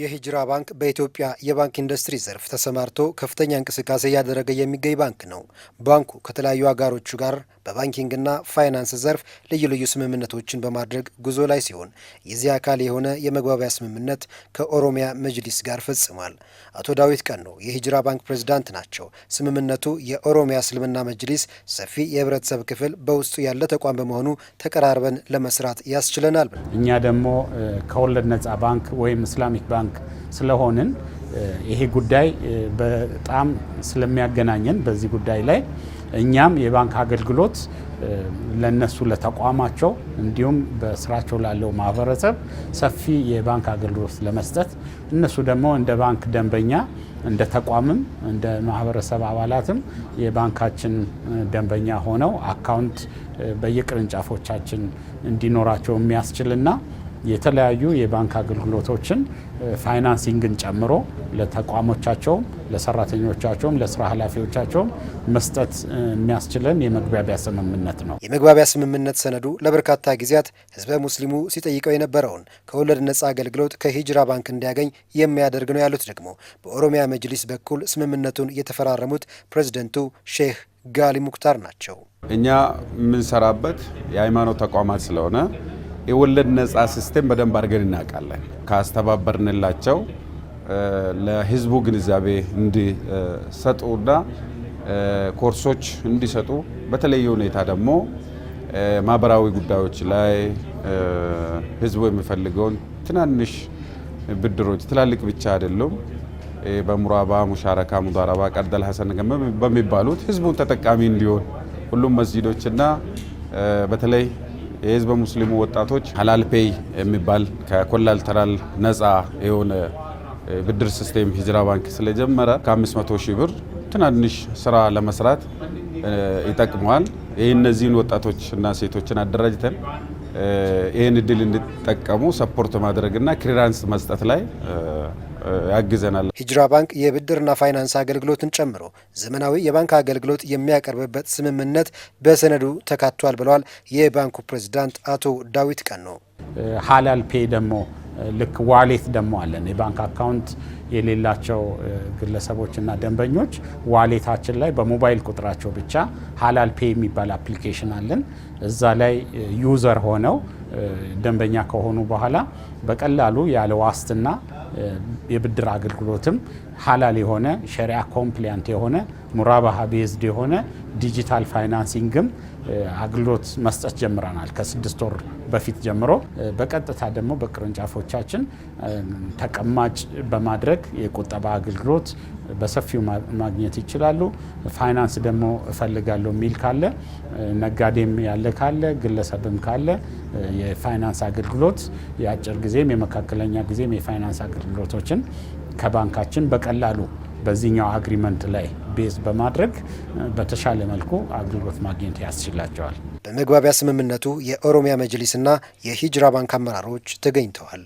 የሂጅራ ባንክ በኢትዮጵያ የባንክ ኢንዱስትሪ ዘርፍ ተሰማርቶ ከፍተኛ እንቅስቃሴ እያደረገ የሚገኝ ባንክ ነው። ባንኩ ከተለያዩ አጋሮቹ ጋር በባንኪንግና ፋይናንስ ዘርፍ ልዩ ልዩ ስምምነቶችን በማድረግ ጉዞ ላይ ሲሆን የዚህ አካል የሆነ የመግባቢያ ስምምነት ከኦሮሚያ መጅሊስ ጋር ፈጽሟል። አቶ ዳዊት ቀኖ የሂጅራ ባንክ ፕሬዝዳንት ናቸው። ስምምነቱ የኦሮሚያ እስልምና መጅሊስ ሰፊ የህብረተሰብ ክፍል በውስጡ ያለ ተቋም በመሆኑ ተቀራርበን ለመስራት ያስችለናል። እኛ ደግሞ ከወለድ ነጻ ባንክ ወይም እስላሚክ ባንክ ስለሆንን ይሄ ጉዳይ በጣም ስለሚያገናኘን በዚህ ጉዳይ ላይ እኛም የባንክ አገልግሎት ለነሱ ለተቋማቸው እንዲሁም በስራቸው ላለው ማህበረሰብ ሰፊ የባንክ አገልግሎት ለመስጠት እነሱ ደግሞ እንደ ባንክ ደንበኛ እንደ ተቋምም እንደ ማህበረሰብ አባላትም የባንካችን ደንበኛ ሆነው አካውንት በየቅርንጫፎቻችን እንዲኖራቸው የሚያስችልና የተለያዩ የባንክ አገልግሎቶችን ፋይናንሲንግን ጨምሮ ለተቋሞቻቸውም ለሰራተኞቻቸውም ለስራ ኃላፊዎቻቸውም መስጠት የሚያስችለን የመግባቢያ ስምምነት ነው። የመግባቢያ ስምምነት ሰነዱ ለበርካታ ጊዜያት ህዝበ ሙስሊሙ ሲጠይቀው የነበረውን ከወለድ ነጻ አገልግሎት ከሂጅራ ባንክ እንዲያገኝ የሚያደርግ ነው ያሉት ደግሞ በኦሮሚያ መጅሊስ በኩል ስምምነቱን የተፈራረሙት ፕሬዚደንቱ ሼህ ጋሊ ሙክታር ናቸው። እኛ የምንሰራበት የሃይማኖት ተቋማት ስለሆነ የወለድ ነጻ ሲስቴም በደንብ አድርገን እናውቃለን። ካስተባበርንላቸው ለህዝቡ ግንዛቤ እንዲሰጡና ኮርሶች እንዲሰጡ በተለየ ሁኔታ ደግሞ ማህበራዊ ጉዳዮች ላይ ህዝቡ የሚፈልገውን ትናንሽ ብድሮች ትላልቅ ብቻ አይደሉም። በሙራባ ሙሻረካ፣ ሙዳራባ፣ ቀርደል፣ ሀሰን ገመ በሚባሉት ህዝቡን ተጠቃሚ እንዲሆን ሁሉም መስጂዶችና በተለይ የህዝበ ሙስሊሙ ወጣቶች ሀላል ፔይ የሚባል ከኮላልተራል ነጻ የሆነ ብድር ሲስቴም ሂጅራ ባንክ ስለጀመረ ከ500 ሺህ ብር ትናንሽ ስራ ለመስራት ይጠቅመዋል። ይህ እነዚህን ወጣቶችና ሴቶችን አደራጅተን ይህን እድል እንዲጠቀሙ ሰፖርት ማድረግና ክሊራንስ መስጠት ላይ ያግዘናል። ሂጅራ ባንክ የብድርና ፋይናንስ አገልግሎትን ጨምሮ ዘመናዊ የባንክ አገልግሎት የሚያቀርብበት ስምምነት በሰነዱ ተካቷል ብለዋል የባንኩ ፕሬዚዳንት አቶ ዳዊት ቀኖ። ሀላል ፔ ደግሞ ልክ ዋሌት ደግሞ አለን። የባንክ አካውንት የሌላቸው ግለሰቦችና ደንበኞች ዋሌታችን ላይ በሞባይል ቁጥራቸው ብቻ ሀላል ፔ የሚባል አፕሊኬሽን አለን። እዛ ላይ ዩዘር ሆነው ደንበኛ ከሆኑ በኋላ በቀላሉ ያለ ዋስትና የብድር አገልግሎትም ሀላል የሆነ ሸሪያ ኮምፕሊያንት የሆነ ሙራባሃ ቤዝድ የሆነ ዲጂታል ፋይናንሲንግም አገልግሎት መስጠት ጀምረናል። ከስድስት ወር በፊት ጀምሮ በቀጥታ ደግሞ በቅርንጫፎቻችን ተቀማጭ በማድረግ የቁጠባ አገልግሎት በሰፊው ማግኘት ይችላሉ። ፋይናንስ ደግሞ እፈልጋለሁ የሚል ካለ ነጋዴም ያለ ካለ ግለሰብም ካለ የፋይናንስ አገልግሎት የአጭር ጊዜም የመካከለኛ ጊዜም የፋይናንስ አገልግሎቶችን ከባንካችን በቀላሉ በዚህኛው አግሪመንት ላይ ቤዝ በማድረግ በተሻለ መልኩ አገልግሎት ማግኘት ያስችላቸዋል። በመግባቢያ ስምምነቱ የኦሮሚያ መጅሊስና የሂጅራ ባንክ አመራሮች ተገኝተዋል።